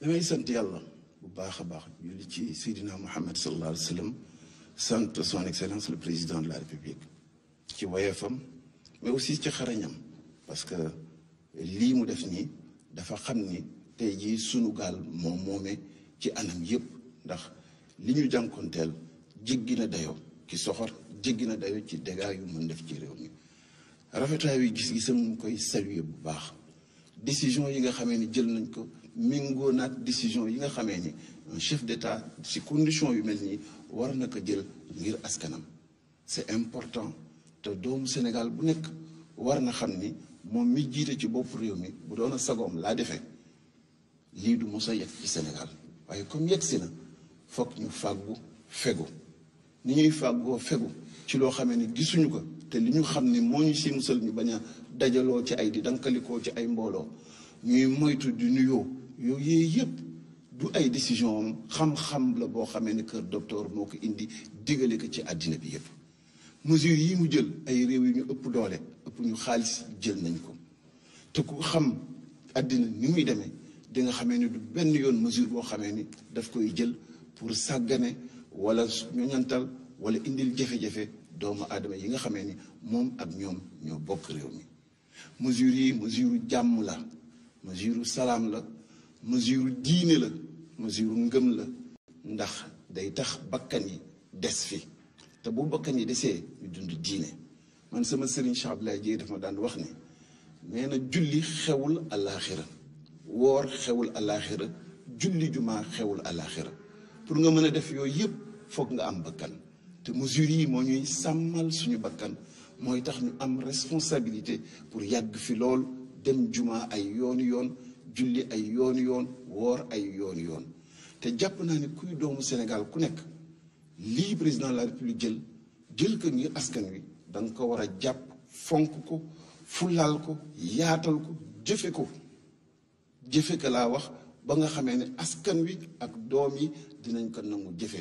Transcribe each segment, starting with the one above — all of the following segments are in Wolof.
damay sant yàlla bu baax a baax julli ci Seydina Mouhamed sallallahu alayhi wa sallam sant son excellence le président de la république ci woyefam mais aussi ci xarañam parce que lii mu def nii dafa xam ni tey jii sunu gaal moom moome ci anam yëpp ndax li ñu jànkonteel jéggi na dayoo ci soxor jéggi na dayoo ci dégâts yu mun def ci réew mi rafetaay wi gis-gisam mu koy saluer bu baax décision yi nga xamee ni jël nañ ko mingoo naag décision yi nga xamee ni un chef d'État ci condition yu mel nii war na ko jël ngir askanam c'est important te doomu Sénégal bu nekk war na xam ni moom mi jiite ci bopp réew mi bu doon a sagoom laa defee lii du mos a yegg ci Sénégal waaye comme yegg si na foog ñu fàggu fegu ni ñuy fàggoo fegu ci loo xamee ni gisuñu ko te li ñu xam ne moo ñu si musal ñu bañ a dajaloo ci ay di dankalikoo ci ay mbooloo ñuy moytu di nuyoo yooyu yëpp du ay décision am xam-xam la boo xamee ne kër doctor moo ko indi digale ko ci àddina bi yëpp mesures yi mu jël ay réew yi ñu ëpp doole ëpp ñu xaalis jël nañ ko te ku xam àddina ni muy demee di nga xamee ni du benn yoon mesure boo xamee ni daf koy jël pour sàggane wala ñoñantal wala indil jafe-jafe doomu aadama yi nga xamee ni moom ak ñoom ñoo bokk réew mi mesures yi mesure jàmm la mesure salaam la mesure diine la mesure ngëm la ndax day tax bakkan yi des fi te bu bakkan yi desee ñu dund diine man sama serigne Cheikh Abdoulaye Dieye dafa daan wax ne nee na julli xewul alaaxira woor xewul alaaxira julli juma xewul alaaxira pour nga mën a def yooyu yëpp foog nga am bakkan te mesure yi moo ñuy sàmmal suñu bakkan mooy tax ñu am responsabilité pour yàgg fi lool dem juma ay yoon yoon julli ay yoon yoon woor ay yoon yoon te jàpp naa ne kuy doomu Sénégal ku nekk lii président de la république jël jël ko ngir askan wi da nga ko war a jàpp fonk ko fulaal ko yaatal ko jëfe ko jëfe ko laa wax ba nga xamee ne askan wi ak doom yi dinañ ko nangu jëfe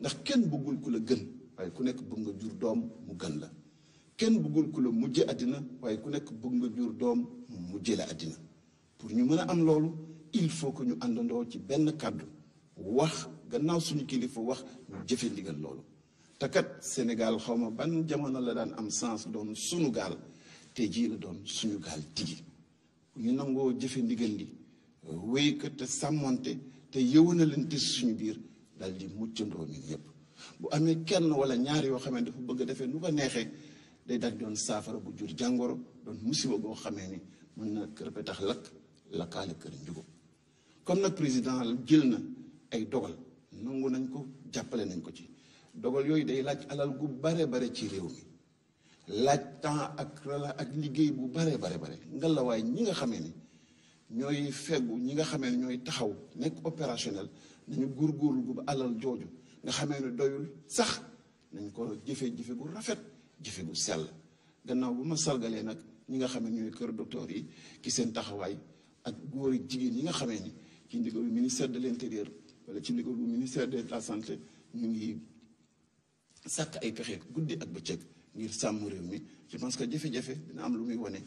ndax kenn bëggul ku la gën waaye ku nekk bëgg nga jur doom mu gën la kenn bëggul ku la mujje àddina waaye ku nekk bëgg nga jur doom mu mujje la àddina pour ñu mën a am loolu il faut que ñu àndandoo ci benn kàddu wax gannaaw suñu kilifa wax ñu jëfe ndigal loolu te Sénégal xaw ma ban jamono la daan am sens doon sunu gaal te jii la doon suñu gaal tigi ñu nangoo jëfe ndigal li wéy ko te sàmmonte te yëwanalante suñu biir dal di muccandoo ñun ñëpp bu amee kenn wala ñaar yoo xamee dafa bëgg a defee nu ko neexee day dal doon saafara bu jur jàngoro doon musiba boo xamee ni mën na kër tax lakk lakkaale kër njugub comme nag président jël na ay dogal nangu nañ ko jàppale nañ ko ci dogal yooyu day laaj alal gu bare bare ci réew mi laaj temps ak rela ak liggéey bu bare bare bare ngalawaay ñi nga xamee ni ñooy feggu ñi nga xamee ne ñooy taxaw nekk opérationnel nañu góorgóorlu gu alal jooju nga xamee ne doyul sax nañ ko jëfe jëfe gu rafet jëfe gu sell gannaaw bu ma salgalee nag ñi nga xam ne ñooy kër docteur yi ci seen taxawaay ak góor ak jigéen yi nga xamee ni ci ndigalu ministère de l'intérieur wala ci ndigalu ministère de la santé ñu ngi sàkk ay pexe guddi ak bëccëg ngir sàmm réew mi je pense que jafe-jafe dina am lu muy wane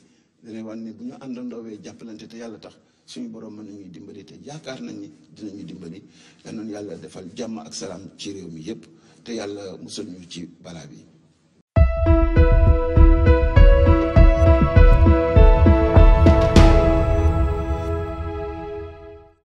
dina wan ne bu ñu àndandoowee jàppalante te yàlla tax suñu borom mën ñuy dimbali te yaakaar nañ ni dinañu dimbali yal na yàlla defal jàmm ak salaam ci réew mi yépp te yàlla musal ñu ci balaa bi.